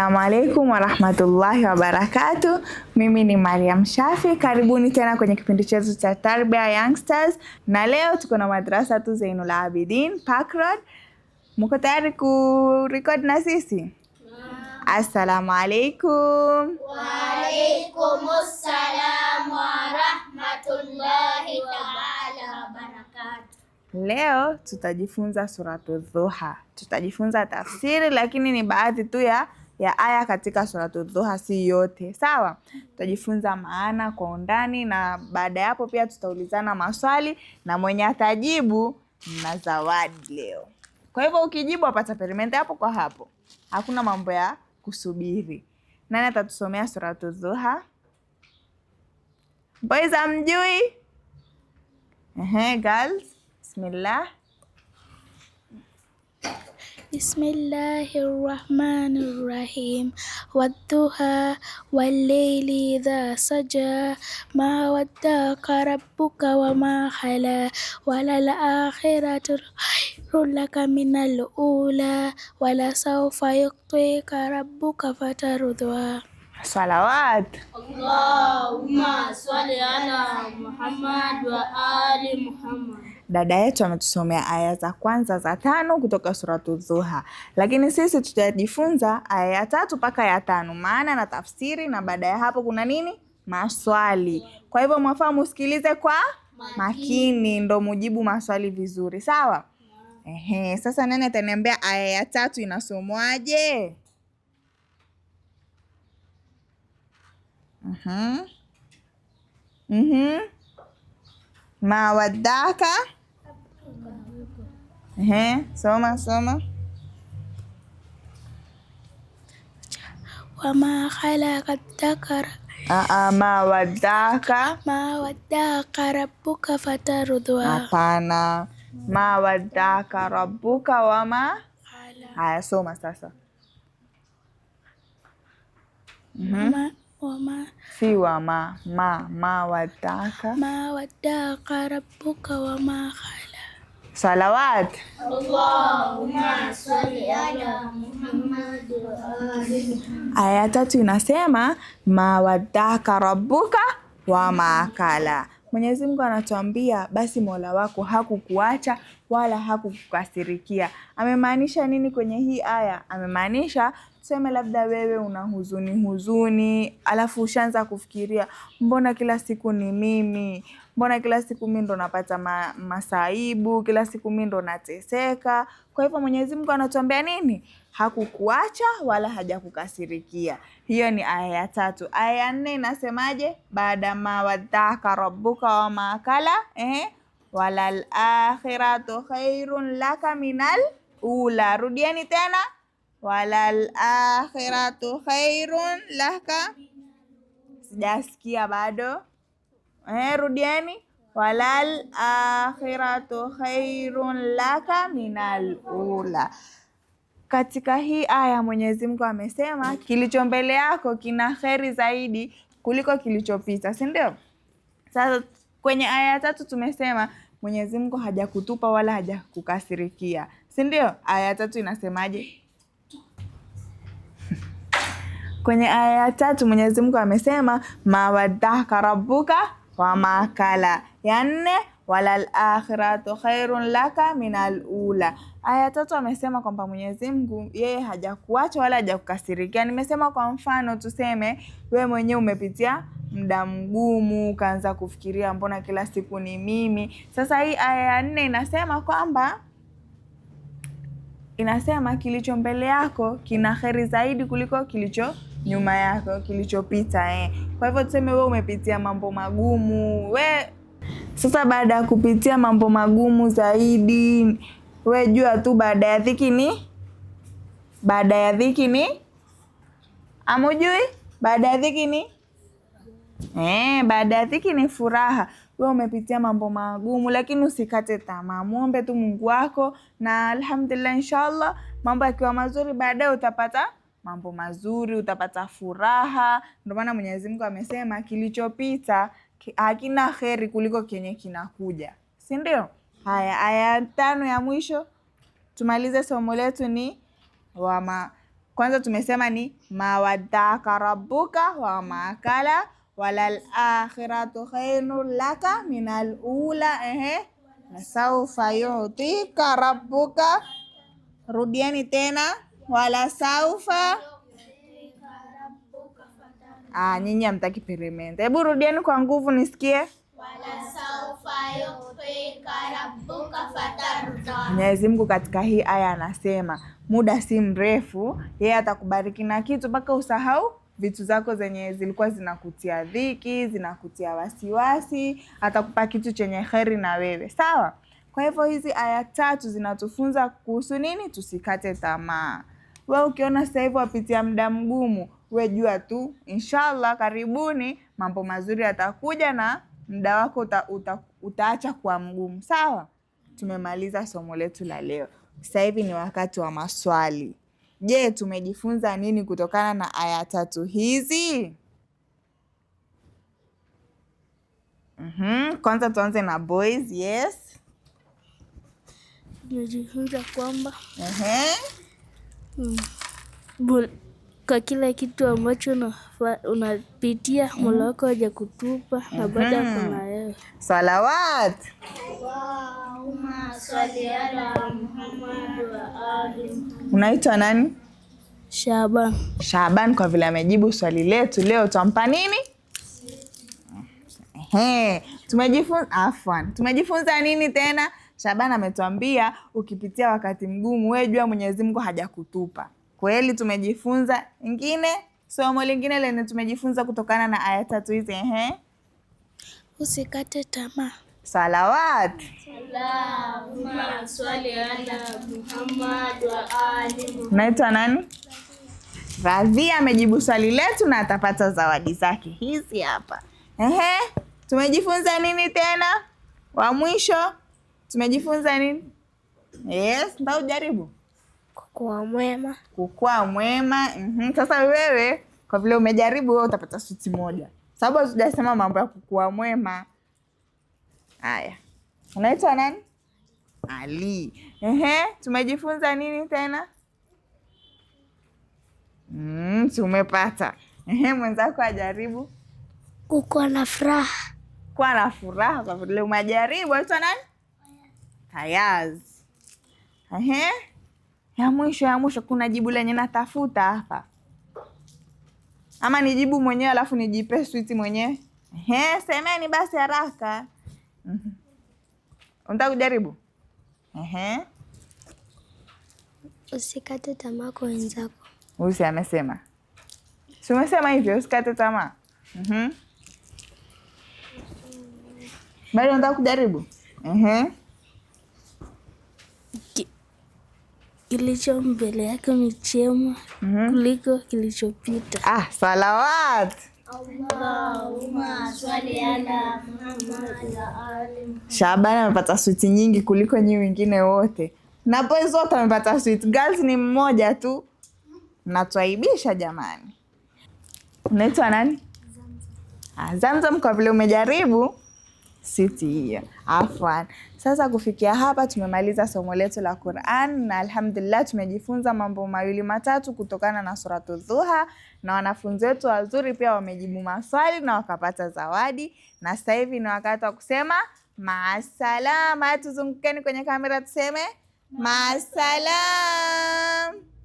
Assalamu alaikum warahmatullahi wabarakatu. Mimi ni Mariam Shafi, karibuni tena kwenye kipindi chetu cha Tarbia Youngsters, na leo tuko na madrasa tu Zainul Abidin Park Road. Mko tayari kurekodi na sisi? Assalamu alaikum. Wa alaikum assalam wa rahmatullahi taala wabarakatu. Leo tutajifunza suratu Dhuha, tutajifunza tafsiri, lakini ni baadhi tu ya ya aya katika suratu Dhuha, si yote sawa. Tutajifunza maana kwa undani, na baada ya hapo pia tutaulizana maswali na mwenye atajibu na zawadi leo. Kwa hivyo ukijibu wapata peremende hapo kwa hapo, hakuna mambo ya kusubiri. Nani atatusomea suratu Dhuha? Boys amjui? Ehe, girls, bismillah. بسم الله الرحمن الرحيم والضحى والليل إذا سجى ما ودعك ربك وما خلا وللآخرة خير لك من الأولى ولسوف يعطيك ربك فترضى صلوات اللهم صل على محمد وآل محمد dada yetu ametusomea aya za kwanza za tano kutoka suratu Dhuha, lakini sisi tutajifunza aya ya tatu mpaka ya tano, maana na tafsiri, na baada ya hapo kuna nini? Maswali. Kwa hivyo mwafaa musikilize kwa makini, ndo mujibu maswali vizuri, sawa? Ehe, sasa nani ataniambia aya ya tatu inasomwaje? Mhm, mhm, mawadaka He, soma soma. Wama khalaqa dhakara ma wadaka ma waddaka rabbuka fatarudwa. Hapana, ma waddaka rabbuka wama. Haya, soma sasa. Wama, mhm. Si wama ma ma waddaka ma waddaka rabbuka wama khala Salawat. Aya tatu inasema mawadaka rabbuka wa maakala Mwenyezi Mungu anatuambia basi Mola wako hakukuacha wala hakukukasirikia. Amemaanisha nini kwenye hii aya? Amemaanisha tuseme labda wewe una huzuni huzuni, alafu ushaanza kufikiria mbona kila siku ni mimi, mbona kila siku mi ndo napata ma, masaibu, kila siku mi ndo nateseka. Kwa hivyo Mwenyezi Mungu anatuambia nini? Hakukuacha wala hajakukasirikia. Hiyo ni aya ya tatu. Aya ya nne inasemaje? baada ma wadhaka rabbuka wa maakala eh, walal akhiratu khairun laka minal ula. Rudieni tena walal akhiratu khairun laka. Sijasikia bado eh, rudieni. Walal akhiratu khairun laka minal ula. Katika hii aya Mwenyezi Mungu amesema kilicho mbele yako kina kheri zaidi kuliko kilichopita, si ndio? Sasa kwenye aya ya tatu tumesema Mwenyezi Mungu hajakutupa wala hajakukasirikia, si ndio? Aya ya tatu inasemaje? Kwenye aya ya tatu Mwenyezi Mungu amesema mawaddaka rabbuka wamakala. Ya nne wala lakhiratu khairun laka min alula Aya tatu amesema kwamba Mwenyezi Mungu yeye hajakuacha wala hajakukasirikia. Nimesema kwa mfano, tuseme we mwenyewe umepitia muda mgumu, ukaanza kufikiria mbona kila siku ni mimi. Sasa hii aya ya nne inasema kwamba inasema kilicho mbele yako kina heri zaidi kuliko kilicho nyuma yako, kilichopita eh. Kwa hivyo tuseme we umepitia mambo magumu we, sasa baada ya kupitia mambo magumu zaidi, we jua tu baada ya dhiki ni baada ya dhiki ni amujui, baada ya dhiki ni eh, baada ya dhiki ni furaha we umepitia mambo magumu, lakini usikate tamaa, muombe tu Mungu wako na alhamdulillah, inshallah mambo yakiwa mazuri, baadaye utapata mambo mazuri, utapata furaha. Ndio maana Mwenyezi Mungu amesema kilichopita hakina kheri kuliko kenye kinakuja, si ndio? Haya, aya tano ya mwisho tumalize somo letu ni wama. Kwanza tumesema ni mawadaka rabbuka wa makala walal akhiratu khairun laka minal ula. Ehe, lasaufa yutika rabbuka. Rudieni tena, wala Ah, nyinyi hamtaki peremende. Hebu rudieni kwa nguvu nisikie. Mwenyezi Mungu katika hii aya anasema muda si mrefu yeye atakubariki na kitu mpaka usahau vitu zako zenye zilikuwa zinakutia dhiki, zinakutia wasiwasi, atakupa kitu chenye heri na wewe sawa. Kwa hivyo hizi aya tatu zinatufunza kuhusu nini? Tusikate tamaa. We ukiona sasa hivi wapitia muda mgumu, we jua tu inshallah, karibuni mambo mazuri yatakuja na muda wako uta, uta, utaacha kuwa mgumu sawa. Tumemaliza somo letu la leo. Sasa hivi ni wakati wa maswali. Je, tumejifunza nini kutokana na aya tatu hizi? Mm-hmm. Kwanza tuanze na boys, yes. Tumejifunza kwamba mm, kwa kila kitu ambacho unapitia mhm. Mola wako aja kutupa na mhm. baada ya kuna wewe Salawat. Allahumma salli ala Muhammad wa ali Unaitwa nani? Shaban. Shaban, kwa vile amejibu swali letu leo tutampa nini? tumejifunza afwan, tumejifunza nini tena? Shaban ametuambia ukipitia wakati mgumu wewe jua Mwenyezi Mungu hajakutupa. Kweli tumejifunza ingine, somo lingine lenye tumejifunza kutokana na aya tatu hizi ehe, usikate tamaa. Salawat. Naitwa nani? Radhia amejibu swali letu na atapata zawadi zake hizi hapa. Ehe, tumejifunza nini tena? Wa mwisho tumejifunza nini? Yes, ndio ujaribu kukua mwema, kukua mwema. Mm -hmm. Sasa wewe kwa vile umejaribu, wewe utapata suti moja, sababu hatujasema mambo ya kukua mwema. Haya, unaitwa nani? Ali. Ehe, tumejifunza nini tena? Mm, tumepata. Ehe, mwenzako ajaribu. Uko na furaha. Kuwa na furaha kwa vile umejaribu. Unaitwa nani? Hayaz. Ehe, ya mwisho ya mwisho, kuna jibu lenye natafuta hapa, ama nijibu mwenyewe alafu nijipe switi mwenyewe? Ehe, semeni basi haraka. Mhm. Unataka kujaribu? Usikate tamaa kwa wenzako. Usi amesema. Si umesema hivyo usikate tamaa? Mhm. Bado unataka kujaribu? Kilicho mbele yako ni chema mhm. kuliko kilichopita. Ah, salawat. Shabani amepata switi nyingi kuliko nyi wengine wote, na boys wote wamepata switi, girls ni mmoja tu. Natwaibisha jamani. Unaitwa nani? Zamzam, ah, kwa vile umejaribu siti hiyo, afwan. Sasa kufikia hapa tumemaliza somo letu la Qur'an na alhamdulillah, tumejifunza mambo mawili matatu kutokana na suratu Dhuha, na wanafunzi wetu wazuri pia wamejibu maswali na wakapata zawadi. Na sasa hivi ni wakati wa kusema maasalama. Tuzungukeni kwenye kamera tuseme maasalama.